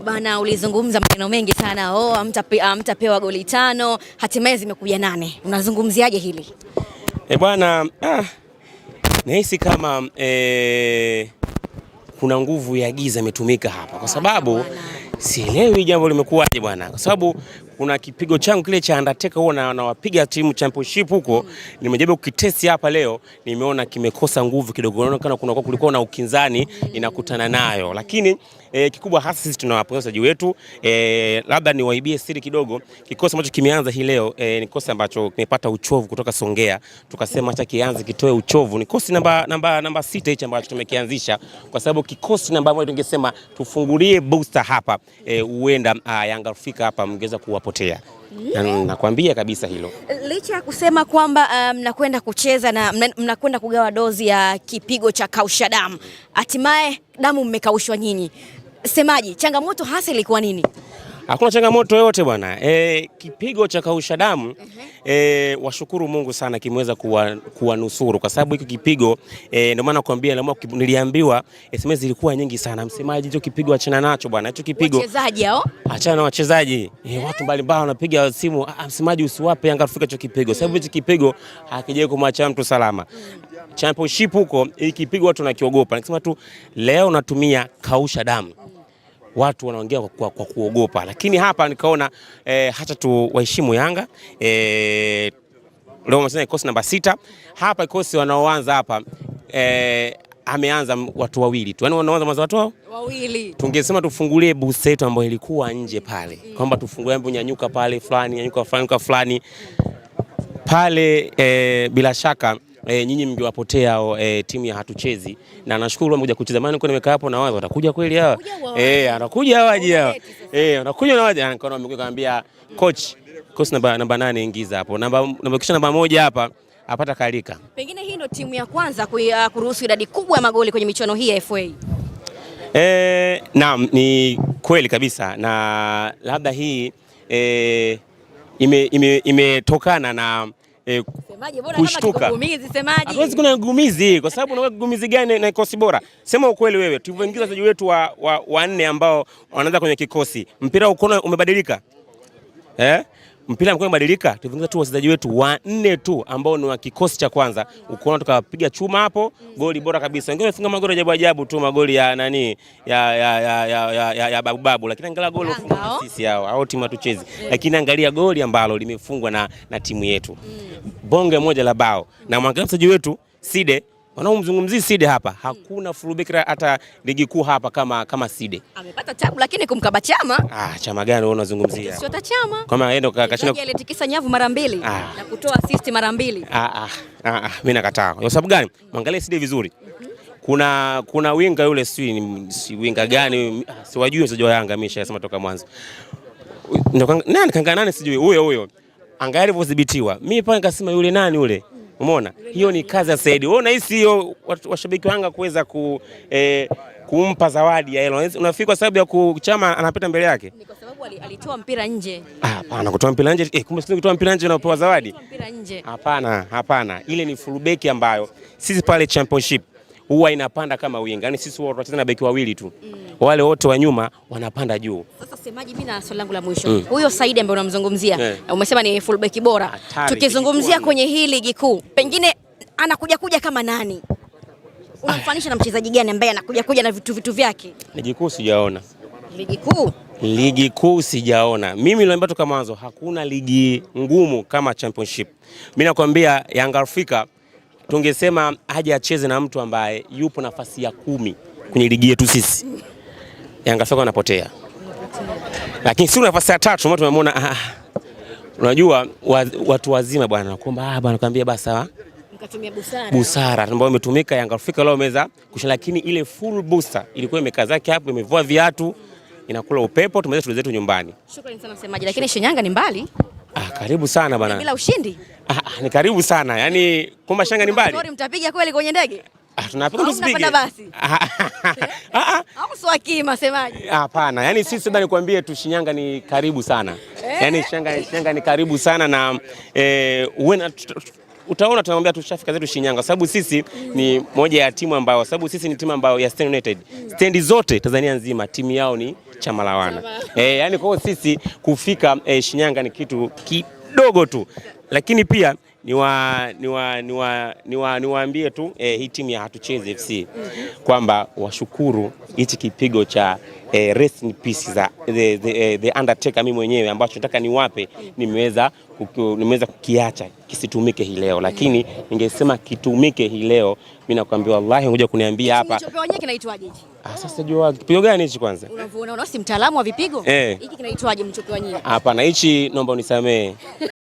Bana, ulizungumza maneno mengi sana oh, amtapewa amtapewa goli tano, hatimaye zimekuja nane. Unazungumziaje hili e bwana? Ah, nahisi kama eh, kuna nguvu ya giza imetumika hapa kwa sababu sielewi jambo limekuwaje bwana, kwa sababu kuna kipigo changu kile cha Undertaker huo na nawapiga timu championship huko mm. Nimejaribu kukitesti hapa leo, nimeona kimekosa nguvu kidogo, naona kuna kulikuwa na ukinzani Inakutana nayo lakini e, kikubwa hasa sisi tunawapongeza wachezaji wetu e, labda ni waibie siri kidogo. Kikosi ambacho kimeanza hii leo e, ni kikosi ambacho kimepata uchovu kutoka Songea, tukasema acha kianze kitoe uchovu. Ni kikosi namba, namba, namba sita hichi ambacho tumekianzisha, kwa sababu kikosi namba moja tungesema tufungulie booster hapa e, uenda ah, Yanga kufika hapa mngeweza kuwapotea. Yeah. Nakwambia kabisa hilo, licha ya kusema kwamba mnakwenda kucheza na mnakwenda kugawa dozi ya kipigo cha kausha damu, hatimaye damu mmekaushwa nyinyi. Semaji, changamoto hasa ilikuwa nini? Hakuna changamoto yoyote bwana. E, kipigo cha kausha damu e, washukuru Mungu sana kimeweza kuwanusuru kuwa kwa sababu hiki kipigo e, ndio maana nakwambia niliambiwa e, SMS zilikuwa nyingi sana. Msemaji hicho kipigo achana nacho bwana. Hicho kipigo. Wachezaji hao? Achana na wachezaji. E, watu mbalimbali wanapiga simu, ah, msemaji usiwape Yanga tufike hicho kipigo. Sababu hicho kipigo hakijai kumwacha mtu salama. Championship huko hiki kipigo watu wanakiogopa. Nikisema tu leo natumia kausha damu watu wanaongea kwa, kwa kuogopa, lakini hapa nikaona e, hata waheshimu Yanga e, leo mchezaji kikosi namba sita hapa kikosi wanaoanza hapa e, ameanza watu wawili tu, yani wanaanza mwanzo watu wawili. Tungesema tufungulie busi yetu ambayo ilikuwa nje pale, kwamba tufungulie ambapo nyanyuka pale fulani, nyanyuka fulani, nyanyuka fulani pale e, bila shaka e, nyinyi mngewapotea e, eh, timu ya hatuchezi na nashukuru wamekuja kucheza, maana nilikuwa nimekaa hapo na wazo watakuja kweli hawa eh, anakuja hawa je hawa eh, anakuja na waje, ah, nikaona wamekuja kaambia coach, coach namba namba 8 ingiza hapo namba namba kisha namba moja hapa apata kalika. Pengine hii ndio timu ya kwanza ah, kuruhusu idadi kubwa ya magoli kwenye michuano hii ya FA. eh naam ni kweli kabisa na labda hii e, eh, imetokana ime, ime na e, kushtuka. Hawezi kuna gumizi kwa sababu unaweka gumizi gani na kikosi bora? Sema ukweli wewe, tulivyoingiza wachezaji wetu wanne wa, ambao wanaanza kwenye kikosi, mpira ukono umebadilika eh? mpira umekuwa umebadilika. Tulizungumza tu wachezaji wetu wanne tu ambao ni wa kikosi cha kwanza, ukoona tukapiga chuma hapo, goli bora kabisa. Wengine wamefunga magoli ajabu ajabu tu, magoli ya nani ya ya ya ya, ya, ya babu babu, lakini angalia goli lofungwa sisi hao hao timu hatuchezi, mm. lakini angalia goli ambalo limefungwa na, na timu yetu mm. bonge moja la bao na mwangalia wetu Side wanaomzungumzia Side hapa hmm. hakuna fullback hata ligi kuu hapa kama kama Side. Amepata tabu lakini kumkaba chama. Ah, chama gani wewe unazungumzia? Sio ta chama. Kama yeye ndo kashinda ile tikisa nyavu mara mbili ah, na kutoa assist mara mbili. Ah ah ah, ah mimi nakataa. Kwa sababu gani? Hmm. Mwangalie Side vizuri. Mhm. Kuna kuna winga yule si, si winga gani? Ah, siwajui sijui Yanga mimi shasema toka mwanzo. Ndio kanga nani kanga nani sijui. Huyo huyo. Angalia alivyodhibitiwa. Mimi pale nikasema yule nani yule? Umeona, hiyo ni kazi ya Saidi. Wewe unahisi hiyo washabiki wanga kuweza ku, eh, kumpa zawadi ya hilo unafikiri kwa sababu ya kuchama anapita mbele yake? Ni kwa sababu alitoa mpira nje. Ah, hapana, kutoa mpira nje eh, kumbe sio kutoa mpira nje unapewa zawadi. Hapana, hapana, ile ni fullback ambayo sisi pale championship huwa inapanda kama winga, yaani sisi huwa tunacheza na beki wawili tu mm. wale wote wa nyuma wanapanda juu. Sasa semaji, mimi na swali langu la mwisho mm. huyo Saidi ambaye unamzungumzia yeah. umesema ni fullback bora, tukizungumzia kwenye hii ligi kuu, pengine anakuja kuja kama nani? Unamfanisha na mchezaji gani ambaye anakuja kuja na vitu vitu vyake? Ligi kuu sijaona, ligi kuu ligi kuu sijaona. Mimi niliambia toka mwanzo hakuna ligi ngumu kama championship. Mimi nakwambia Yanga Afrika tungesema aje acheze na mtu ambaye yupo nafasi ya kumi kwenye ligi yetu sisi. Yanga soka anapotea. lakini si nafasi ya tatu tumemwona. Ah, ah, unajua watu wazima bwana, nakuomba ah bwana, kaambia basi sawa ah. Mkatumia busara. Busara ambayo imetumika Yanga kufika leo meza kushinda, lakini ile full booster ilikuwa imekaa zake hapo, imevua viatu, inakula upepo, tumeweza tulizetu nyumbani. Shukrani sana msemaji, lakini Shinyanga ni mbali. Ah, karibu sana bana. Bila ushindi? Ah, ah ni karibu sana. Yaani kumba shanga ni mbali. Sorry mtapiga kweli kwenye ndege? Ah, tunapiga tusipige. Ah, ah. ah. Eh? Au swaki masemaje? Ah, hapana, yaani sisi sasa nikwambie tu Shinyanga ni karibu sana. Eh? Yaani Shinyanga Shinyanga ni karibu sana na eh, utaona tunamwambia tushafika zetu Shinyanga, sababu sisi ni moja ya timu ambayo, sababu sisi ni timu ambayo ya Stand United, stendi zote Tanzania nzima timu yao ni chama la wana eh, yani kwao sisi kufika e, Shinyanga ni kitu kidogo tu, lakini pia niwaambie niwa, niwa, niwa tu eh, hii timu ya hatuchezi FC kwamba washukuru hichi kipigo cha eh, rest in peace za the, the, eh, the undertaker mimi mwenyewe ambacho nataka niwape, nimeweza nimeweza kukiacha kisitumike hii leo, lakini ningesema kitumike hii leo. Mimi nakwambia wallahi, ngoja kuniambia hapa Ah, sasa jua kipigo gani hichi kwanza? Unaona, si mtaalamu wa vipigo. Eh. Hiki kinaitwaje mchope wa nyie? Hapana, hichi naomba unisamee.